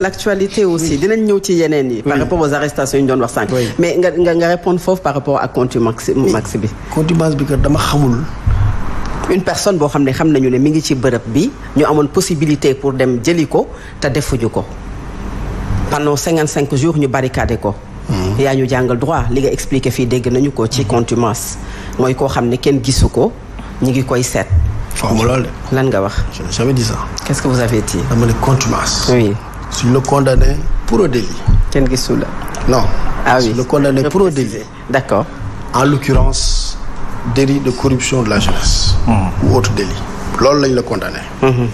l'actualité aussi par rapport aux arrestations mais nga nga répondre par rapport à contumace max bi. contumace bi une personne bo xamné xam nañu né mi ngi ci possibilité pour dem defuñu ko pendant 55 jours ñu barricadé ko. Hmm. ñu droit li nga dégg nañu ko ci hmm. contumace lan dit ça. qu'est-ce que vous avez dit. contumace. oui suis le condamné pour un délit. Ken Gisoula Non. Ah oui. Je le condamné pour un délit. D'accord. En l'occurrence, délit de corruption de la jeunesse hmm. ou autre délit. Lors il le condamné. -hmm.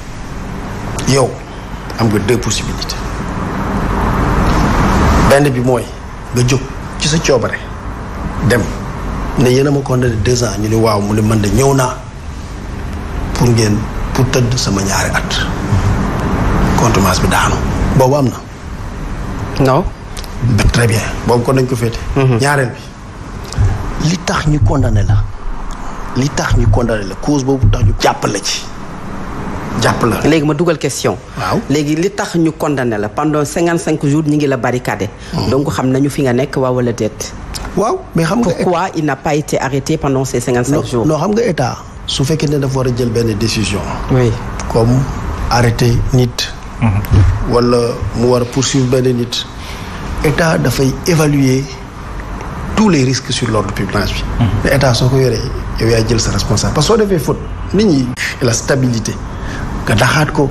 Yo, am nga deux possibilités. Ben bi mooy nga jóg ci sa coobare dem ne yéen a ma condamné deux ans ñu ne waaw mu le man de pour naa pour ngeen pour tëdd sama ñaari at hmm. contumace bi daanu Bon, na. non. très bien bon kon que fait Il l'état bi li tax ñu condamné la li tax ñu la cause beaucoup tax ñu les ci. jàpp la ma question. Les léegi li tax ñu condamné la pendant 55 jours ñu ngi la barricadé. Mhm. donc xam nañu fi nga nekk waaw wala dette. Wow. mais pourquoi il n'a pas été arrêté pendant ces 55 cinq jours. non xam nga état su ne dafa war a jël benn décision. oui comme arrêter nit wala mu war poursuivre benn nit état dafay évaluer tous les risques sur l'ordre public bi mhm. mais état soo ko Il yow yaay jël sa responsable parce que soo defee faute c'est la stabilité nga daxaat ko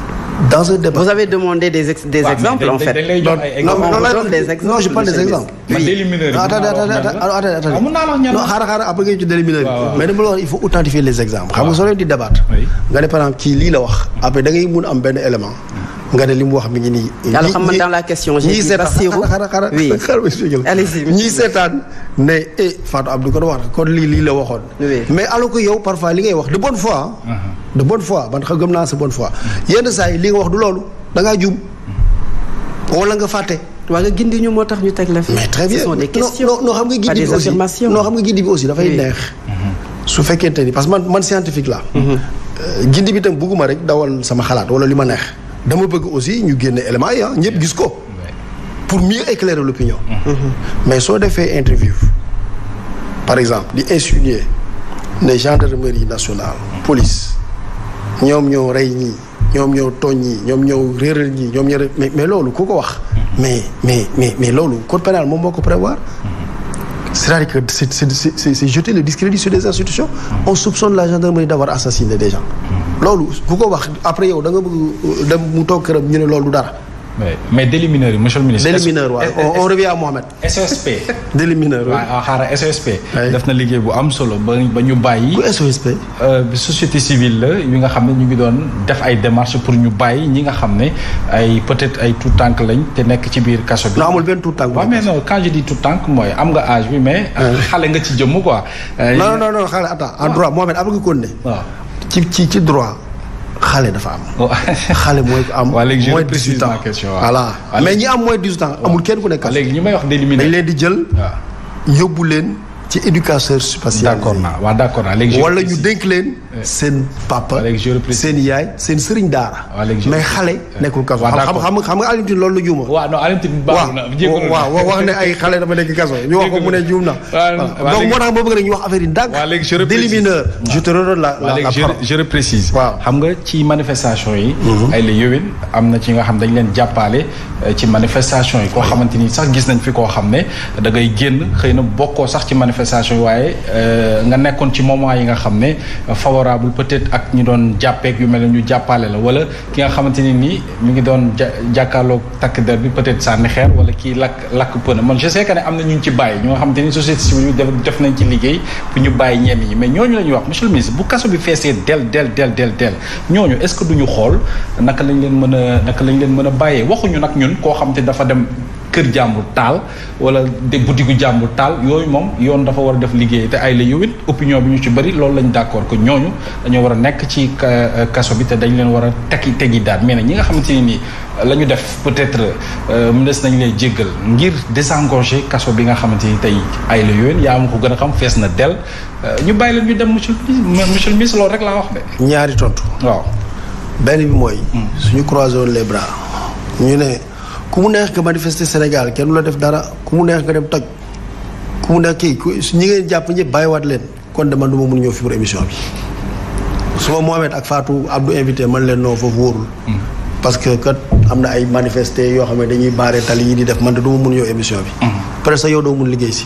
Dans Vous avez demandé des, des exemples, en fait. Donc non, non, non, des exemples, je parle des exemples. Attends, attends. Attendez, attends, attends. Non, xaaral après ngeen ci déliminer mais dama la il faut authentifier les exemples. xam nga soo leen di débattre. nga ne par exemple la wax. après da ngay mun am benn élément. nga ne li mu wax mi ngi nii. alors xam nga dans la question. ñii seetaan oui ñii seetaan ne eh Fatou Abdou ko wax kon lii lii la waxoon. mais alors que yow parfois li ngay wax de bonne fois. Uh-huh de bonne foi ban sa bonne foi il li nga wax du da wala nga fàtte. nga gindi ñu moo mais très bien non non xam nga gindi bi aussi non xam nga gindi bi aussi dafay neex. su fekkente ni parce que man man scientifique là. Mhm. Euh, gindi bi tam rek dawal sama xalaat wala li neex. dama bëgg aussi ñu génne élément yi ah, pour mieux éclairer l'opinion. Mhm. mais soo defee interview. par exemple di insinuer les gendarmerie nationale police ñoom ñoo rey ñii ñoom ñoo tooñ ñii ñoom ñoo réeral ñii ñoom mais loolu ku ko wax mais mais mais mais loolu code pénal moom moo prévoir c'est-à-dire que c'est c'est c'est jeter le discrédit sur des institutions on soupçonne la gendarmerie d'avoir assassiné des gens loolu ku ko wax après yow da nga bëgg dem mu toog këram ñu ne loolu dara mais mais délit mineur yi monsieur le ministre. délit mineur waaw on à Mohamed. SOSP. xaaral SOSP. def na liggéey bu am solo ba ba ñu bàyyi. ku SOSP. Euh, société civile la yi nga xam ne ñu ngi doon def ay démarches pour ñu bàyyi ñi nga xam ne ay peut-être ay tout tànk lañ te nekk ci biir kaso bi. non amul benn tout tànk. waaw mais quand je dis tout tànk mooy am nga âge bi mais. xale nga ci jëmm quoi. Euh, non non non xaaral attends en droit Mohamed am nga ko ne. waaw ci ci ci droit. xale dafa am. Oh. xale mooy am. mooy 18 ans voilà ah, mais ñi am mooy 18 ans oh. amul kenn ku nekk. Ah, léegi ñu may wax déliminer dañ leen di jël. Ah. yóbbu leen ci éducateur spatial. d'accord naa waaw d'accord naa wala ñu dénk leen. seen papa seen yaay seen sëriñ daara. mais xale nekkul kaso. xam nga Alioune loolu juuma. waaw wax ne ay xale dama nekk kaso ñu wax ko mu ne juum na. donc moo tax boo bëgg rek ñu wax affaire yi ndànk. waaw léegi je reprécise je te redonne la la parole nga mhm. la am na ci nga xam dañ leen jàppale euh, ci manifestation yi koo xamante ni sax gis nañ fi koo xam ne da ngay xëy na bokkoo sax ci manifestation waaye euh, nga nekkoon ci moment yi nga xam ne euh, favorable peut ak ñu doon jàppeek yu mel ne ñu jàppale la wala ki nga xamante ni nii mu ngi doon ja jàkkaarloog takk der bi peut-être sànni xeer wala kii lakk lakk pëna man je sais ne am na ñu ci bàyyi ñu nga xamante ni société civile bi def nañ ci liggéey pour ñu bàyyi ñenn ñi mais ñooñu la ñuy wax monsieur le bu kaso bi feesee del del del del del ñooñu est-ce que duñu xool naka lañ leen mën a naka lañ leen mën a bàyyee waxuñu nag ñun koo xamante dafa dem kër jàmbur taal wala de butigu jàmbur taal yooyu moom yoon dafa war a def liggéey te ay la yowit opinion bi ñu ci bëri loolu lañ d'accord que ñooñu dañoo war a nekk ci euh, kaso dañ leen war a tekki tegi daat mais nag ñi nga xamante ne nii la def peut-être euh, des nañ lay jéggal ngir désengorger kaso bi nga xamante ni tey ay la yowin yaa ma ko gën a xam fees na del euh, ñu bàyyi leen ñu dem monsieur monsieur le ministre loolu rek laa wax de. ñaari tontu. waaw benn bi mooy. Hmm. suñu croiser les bras ñu ne. ku mu neex nga manifester Sénégal kenn la def dara ku mu neex nga dem toj ku mu neex kii ñi ngeen jàpp ñëpp bàyyiwaat leen kon de man du ma mun ñëw fi pour émission bi suma Mohamed ak Fatou Abdou invité man leen noo foofu wóorul parce que kat am na ay manifesté yoo xam ne dañuy baare tali yi di def man de du ma mun ñëw émission bi hmm. presque yow doo mun liggéey si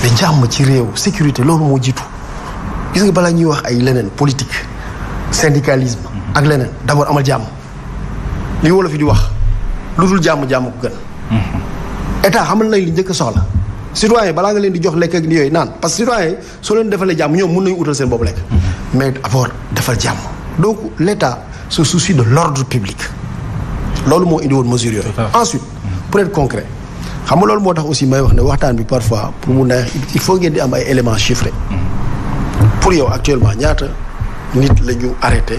mais jàmm ci réew sécurité loolu moo jiitu gis nga balaa ñuy wax ay leneen politique syndicalisme hmm. ak leneen d' abord amal jàmm li wolof di wax ludul dul jàmm ko gën état xamal nañ li njëkk soxla citoyen bala nga leen di jox lek ak ni yooyu naan parce que citoyen so leen defalee jàmm ñom mun nañu utal seen bopp lek mais d'abord defal jàmm donc l'état se soucie de l'ordre public lolu mo indi won mesure yooyu ensuite pour être concret xam nga lolu motax aussi may wax ne waxtaan bi parfois pour mu neex il faut ngeen di am ay éléments chiffrés pour yow actuellement ñaata nit lañu arrêté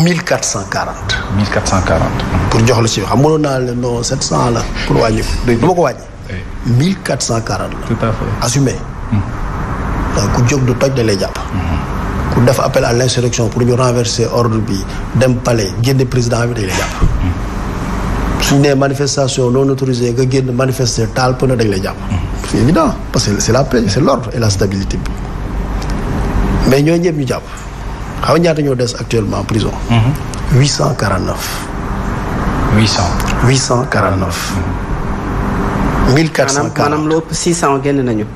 1440. 1440. pour dire la si xam non 700 là. pour wàññi ko. 1440 tout à fait assumé. Hum. ku jóg du de da lay hum. ku appel à l'insurrection pour ñu renverser ordre bi dem palais génne président bi dañ lay hum. manifestation non autorisée nga génn manifester taal pëna dañ lay évident parce que c'est la paix c'est l'ordre et la stabilité mais nous ñëpp ñu jàpp xam nga ñaata ñoo actuellement en prison. 849. 800. 849. 1400. 600 génn nañu.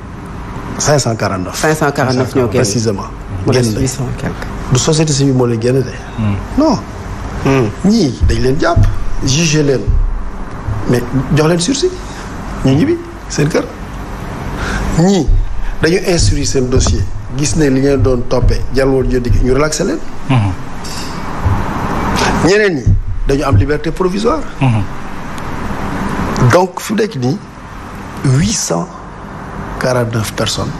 549. 549 ñoo précisément. 800 quelque. du société civile moo leen génn de. Hmm. non. Hmm. ñii dañ leen jàpp jugé leen mais jox leen sursis ñu C'est seen kër ñii dañu instruire seen dossier. gis ne li ngeen doon toppee jàll woon jëndi ñu relaxé leen. Mhm. ñeneen ñi dañu am liberté provisoire. Mhm. donc fu nekk nii huit cent quarante neuf personnes.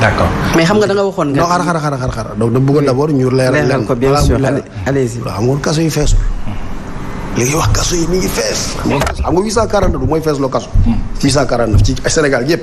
d'accord mais xam nga da nga waxoon nga. non xaaral xaaral xaaral xaaral donc da bëggoon d'abord ñu. leeral leen ko bien sûr allez-y xam nga kaso yi feesul. Mhm. li ngay wax kaso yi mi ngi fees. xam nga huit cent quarante neuf mooy fees loo kaso. huit cent quarante neuf ci Sénégal yëpp.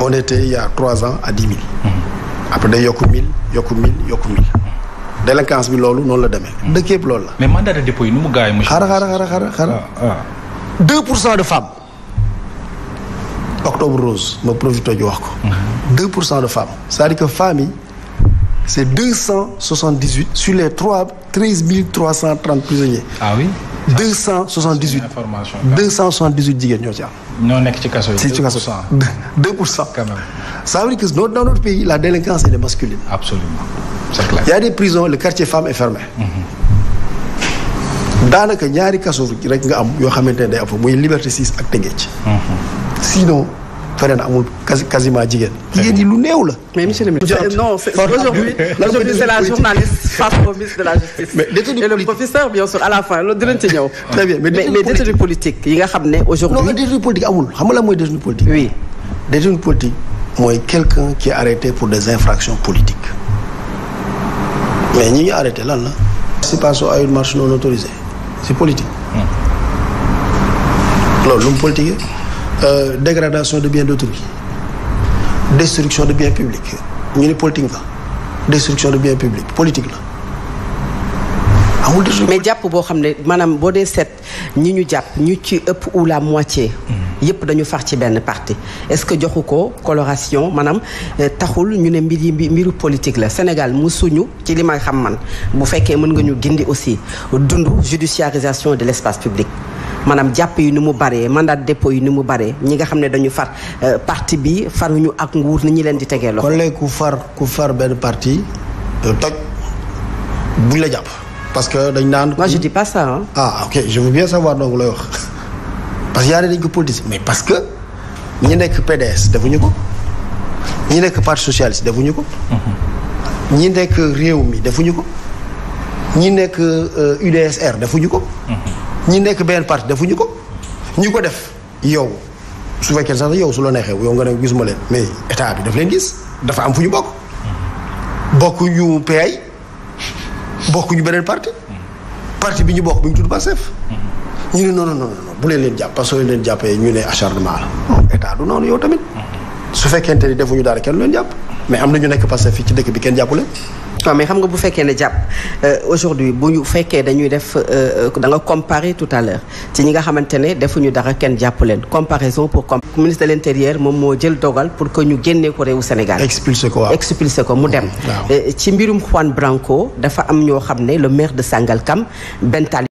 on était il y a trois ans à 10 000. Après, il y a 1 000, 1 000, 1 000. Délinquance, c'est y a. Mais le mandat de dépôt, il y a 2% de femmes. Octobre rose, je profite de le 2% de femmes. C'est-à-dire que famille, c'est 278 sur les 3, 13 330 prisonniers. Ah oui 278, 278 soixante dix que ñoo ça veut dire que dans notre pays la délinquance elle est masculine. absolument c'est clair. il y a des prisons le quartier femme est fermé. le mm-hmm. ñaari il rek nga am cas xamante ne day am muy Liberté 6 ak mm-hmm. sinon feneen amul quasi quasiment Jigen. yi lu mais monsieur le ministre non aujourd'hui aujourd'hui c'est la journaliste face au ministre de la justice. mais et le professeur bien sûr à la fin le dinañ ah. très bien mais mais détenu politique yi nga xam aujourd'hui. non détenu politique Amoul, xam nga la détenu politique. oui détenu politique Moi, quelqu'un qui est arrêté pour des infractions politiques mais ñi a arrêté lan la. pas à une marche non autorisée c'est politique. Hmm. loolu lu politique. Euh, dégradation de biens d'autrui destruction de biens publics Nous, politique destruction de biens publics politique mais dit que vous avez dit que la moitié. que hmm. dañu far ci que est-ce que avez, coloration Madame, euh, taxul ñu politique Sénégal ci li xam man bu que judiciarisation de l'espace public. maanaam jàpp yi ni mu baree mandat dépôt yi nu mu baree ñi nga xam ne dañu far euh, parti bi ñu ak nguur ni ñu leen di tegee loxo. kon léegi ku far ku far benn parti toj buñ la jàpp. parce que dañ naan. moi je dis pas ça hein? ah ok wax parce que yaa ne dañ ko politique mais parce que ñi nekk PDS defuñu ko ñi nekk parti socialiste defuñu ko. ñi nekk réew mi defuñu ko. ñi nekk UDSR euh, defuñu ko. ñi nekk benn parti defuñu ko ñi ko def yow su fekkee sax yow su la neexee yow nga ne gisuma leen mais état bi daf leen gis dafa am fu ñu bokk bokkuñu PAI bokkuñu beneen parti parti bi ñu bokk bi ñu tudd Pastef ñu ne non non non bu leen leen jàpp parce leen jàppee ñu ne acharnement la état du noonu yow tamit su fekkente ni defuñu dara kenn leen jàpp mais am na ñu nekk Pastef fii ci dëkk bi kenn jàppu leen mais xam nga bu euh, aujourd'hui vous ñu fekkee dañuy def euh, euh, da nga comparer tout à l'heure ci ñi nga xamante defuñu dara comparaison pour comp ministre de l'intérieur moom moo jël dogal pour que ñu génnee ko au Sénégal. Expulsez quoi? Expulsez quoi? ko mu dem. Juan Branco dafa am ñoo le maire de Sangalkam Bentali.